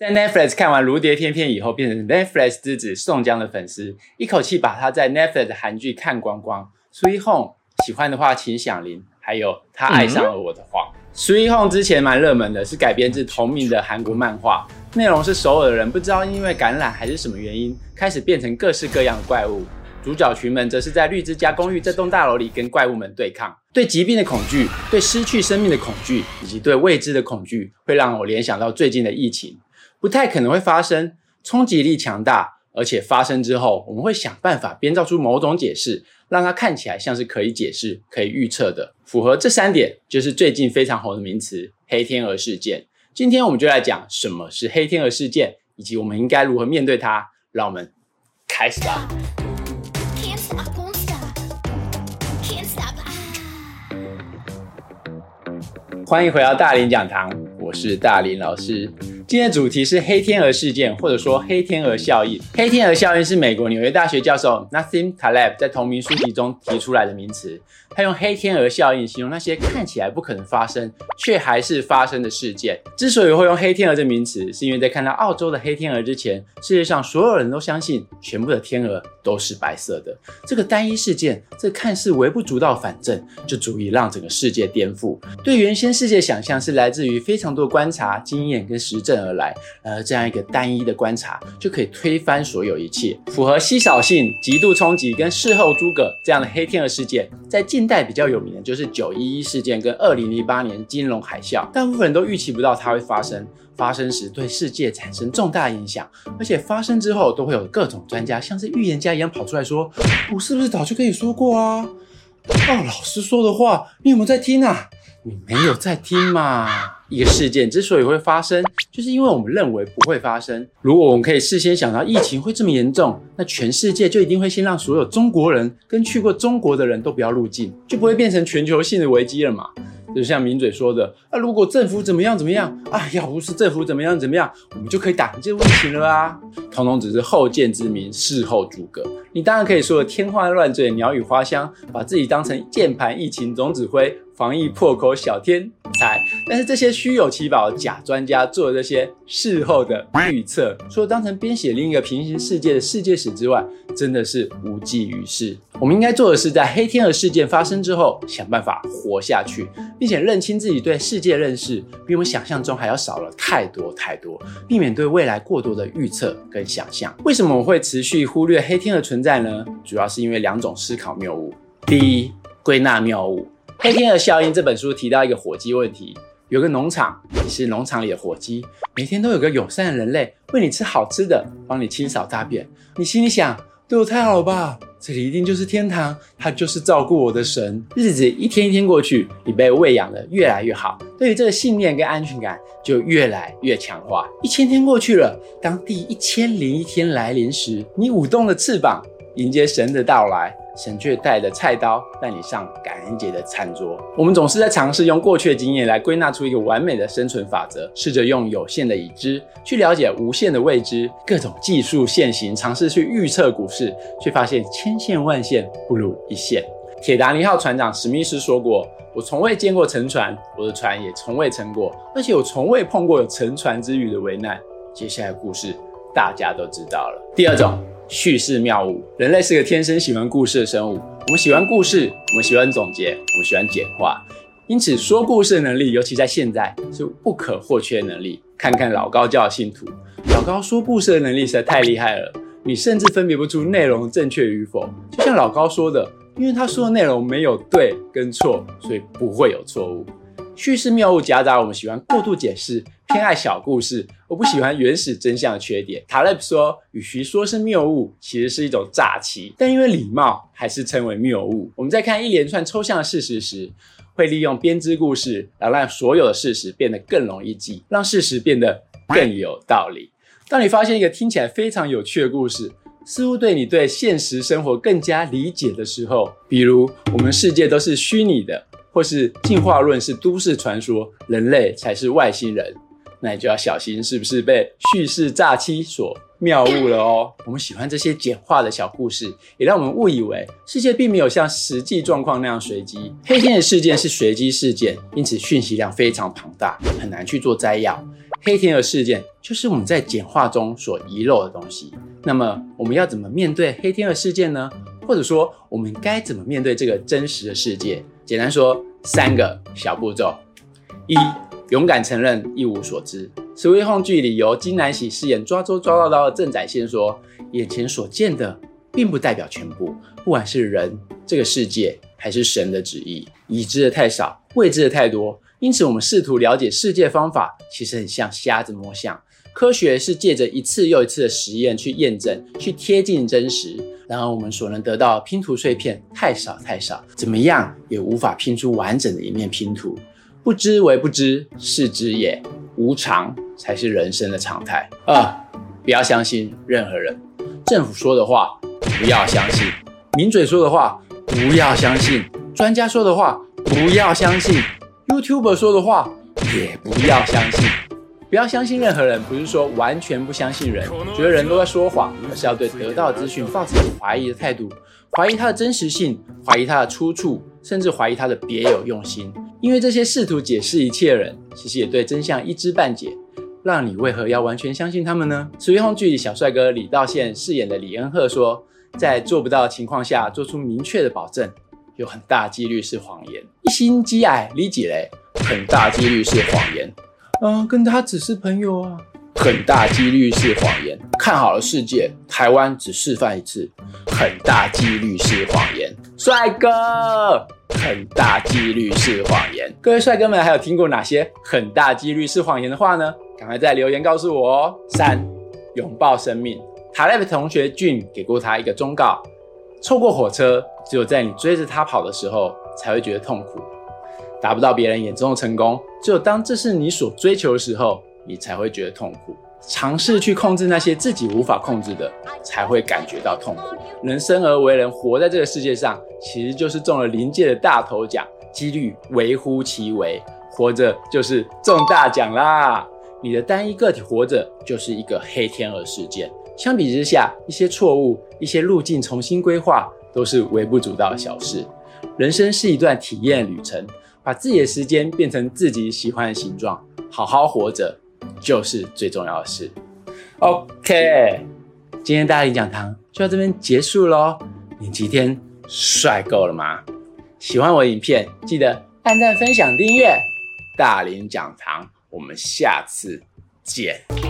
在 Netflix 看完《如蝶翩翩》以後，變成 Netflix 之子宋江的粉絲，一口氣把他在 Netflix 的韓劇看光光。《Sweet Home》喜歡的話請響鈴，還有她愛上了我的謊。《Sweet Home》之前蠻熱門的，是改編自同名的韓國漫畫，內容是首爾的人不知道因為感染還是什麼原因，開始變成各式各樣的怪物。主角群們則是在綠之家公寓這棟大樓裡跟怪物們對抗。對疾病的恐懼、對失去生命的恐懼，以及對未知的恐懼，會讓我聯想到最近的疫情。不太可能會發生，衝擊力強大，而且發生之後，我們會想辦法編造出某種解釋，讓它看起來像是可以解釋、可以預測的。符合這三點，就是最近非常紅的名詞“黑天鵝事件”。今天我們就來講什麼是黑天鵝事件，以及我們應該如何面對它。讓我們開始吧。Can't stop, can't stop, can't stop. 歡迎回到大林講堂，我是大林老師。今天的主題是黑天鵝事件，或者說黑天鵝效應。黑天鵝效應是美國紐約大學教授 Nassim Taleb 在同名書籍中提出來的名詞。他用黑天鵝效應形容那些看起來不可能發生卻還是發生的事件。之所以會用黑天鵝這名詞，是因為在看到澳洲的黑天鵝之前，世界上所有人都相信全部的天鵝都是白色的。這個單一事件，這個、看似微不足道，反正就足以讓整個世界顛覆。對原先世界想象是來自於非常多觀察經驗跟實證而來，而、呃、這樣一個單一的觀察就可以推翻所有一切，符合稀少性、極度衝擊跟事後諸葛這樣的黑天鵝事件，在近現代比較有名的，就是九一一事件跟二零零八年金融海嘯。大部分人都預期不到它會發生，發生時對世界產生重大影響，而且發生之後都會有各種專家，像是預言家一樣跑出來說：“我是不是早就跟你說過啊？”“哦，老師說的話，你有沒有在聽啊？”“你沒有在聽嘛。”一個事件之所以會發生，就是因為我們認為不會發生。如果我們可以事先想到疫情會這麼嚴重，那全世界就一定會先讓所有中國人跟去過中國的人都不要入境，就不會變成全球性的危機了嘛？就像名嘴說的，啊，如果政府怎麼樣怎麼樣，啊，要不是政府怎麼樣怎麼樣，我們就可以打贏這個疫情了啊？統統只是後見之明，事後諸葛。你當然可以說的天花亂墜，鳥語花香，把自己當成鍵盤疫情總指揮、防疫破口小天。才，但是這些虛有其表的假專家做的這些事後的預測，除了當成編寫另一個平行世界的世界史之外，真的是無濟於事。我們應該做的是，在黑天鵝事件發生之後，想辦法活下去，並且認清自己對世界認識比我們想象中還要少了太多太多，避免對未來過多的預測跟想象。為什麼我們會持續忽略黑天鵝存在呢？主要是因為兩種思考謬誤：第一，歸納謬誤。《黑天鵝效應》這本書提到一個火雞問題：有個農場，你是農場裡的火雞，每天都有個友善的人類餵你吃好吃的，幫你清掃大便。你心裡想：對我太好了吧，這裡一定就是天堂，他就是照顧我的神。日子一天一天過去，你被餵養的越來越好，對於這個信念跟安全感就越來越強化。一千天過去了，當第一千零一天來臨時，你舞動了翅膀，迎接神的到來。神卻帶着菜刀帶你上感恩節的餐桌。我們總是在嘗試用過去的經驗來歸納出一個完美的生存法則，試着用有限的已知去了解無限的未知，各種技術現行，嘗試去預測股市，卻發現千線萬線不如一線。鐵達尼號船長史密斯說過：“我從未見過沉船，我的船也從未沉過，而且我從未碰過有沉船之虞的危難。”接下來的故事大家都知道了。第二種。敘事謬誤，人類是個天生喜歡故事的生物。我們喜歡故事，我們喜歡總結，我們喜歡簡化。因此，說故事的能力，尤其在現在，是不可或缺的能力。看看老高教的信徒，老高說故事的能力實在太厲害了，你甚至分辨不出內容正確與否。就像老高說的，因為他說的內容沒有對跟錯，所以不會有錯誤。敘事謬誤夾雜，我們喜歡過度解釋。偏愛小故事，我不喜歡原始真相的缺點。塔勒布說，與其說是謬誤，其實是一種詐欺，但因為禮貌，還是稱為謬誤。我們在看一連串抽象的事實時，會利用編織故事來讓所有的事實變得更容易記，讓事實變得更有道理。當你發現一個聽起來非常有趣的故事，似乎對你對現實生活更加理解的時候，比如我們世界都是虛擬的，或是進化論是都市傳說，人類才是外星人。那你就要小心，是不是被敘事詐欺所謬誤了哦？我們喜歡這些簡化的小故事，也讓我們誤以為世界並沒有像實際狀況那樣隨機。黑天鵝事件是隨機事件，因此訊息量非常龐大，很難去做摘要。黑天鵝事件就是我們在簡化中所遺漏的東西。那麼我們要怎麼面對黑天鵝事件呢？或者說，我們該怎麼面對這個真實的世界？簡單說，三個小步驟：一。勇敢承認一無所知。Sweet home 劇裡由金南喜飾演抓周抓到刀的鄭載憲說：“眼前所見的並不代表全部，不管是人、這個世界，還是神的旨意。已知的太少，未知的太多，因此我們試圖了解世界方法，其實很像瞎子摸象。科學是借着一次又一次的實驗去驗證，去貼近真實。然而我們所能得到拼圖碎片太少太少，怎麼樣也無法拼出完整的一面拼圖。”不知為不知，是知也。無常才是人生的常態。二、啊，不要相信任何人。政府說的話不要相信，名嘴說的話不要相信，專家說的話不要相信，YouTuber 說的話也不要相信。不要相信任何人，不是說完全不相信人，覺得人都在說謊，而是要對得到的資訊抱持懷疑的態度，懷疑它的真實性，懷疑它的出處，甚至懷疑他的別有用心。因為這些試圖解釋一切的人，其實也對真相一知半解，讓你為何要完全相信他們呢？《十月紅》劇小帥哥李道憲飾演的李恩赫說：“在做不到的情況下，做出明確的保證，有很大幾率是謊言。”一心機矮理己雷，很大幾率是謊言。嗯、啊，跟他只是朋友啊。很大幾率是謊言。看好了世界，台灣只示範一次。很大幾率是謊言，帥哥。很大幾率是謊言，各位帥哥們，還有聽過哪些很大幾率是謊言的話呢？趕快在留言告訴我哦。三，擁抱生命。塔拉的同學俊給過他一個忠告：錯過火車，只有在你追着他跑的時候，才會覺得痛苦。達不到別人眼中的成功，只有當這是你所追求的時候，你才會覺得痛苦，嘗試去控制那些自己無法控制的，才會感覺到痛苦。人生而為人，活在這個世界上，其實就是中了臨界的大頭獎，幾率微乎其微。活着就是中大獎啦！你的單一個體活着就是一個黑天鵝事件。相比之下，一些錯誤、一些路徑重新規劃，都是微不足道的小事。人生是一段體驗旅程，把自己的時間變成自己喜歡的形狀，好好活着。就是最重要的事。OK，今天大林講堂就到這邊結束嘍。你今天帥夠了嗎？喜歡我的影片，記得按讚、分享、訂閱。大林講堂，我們下次見。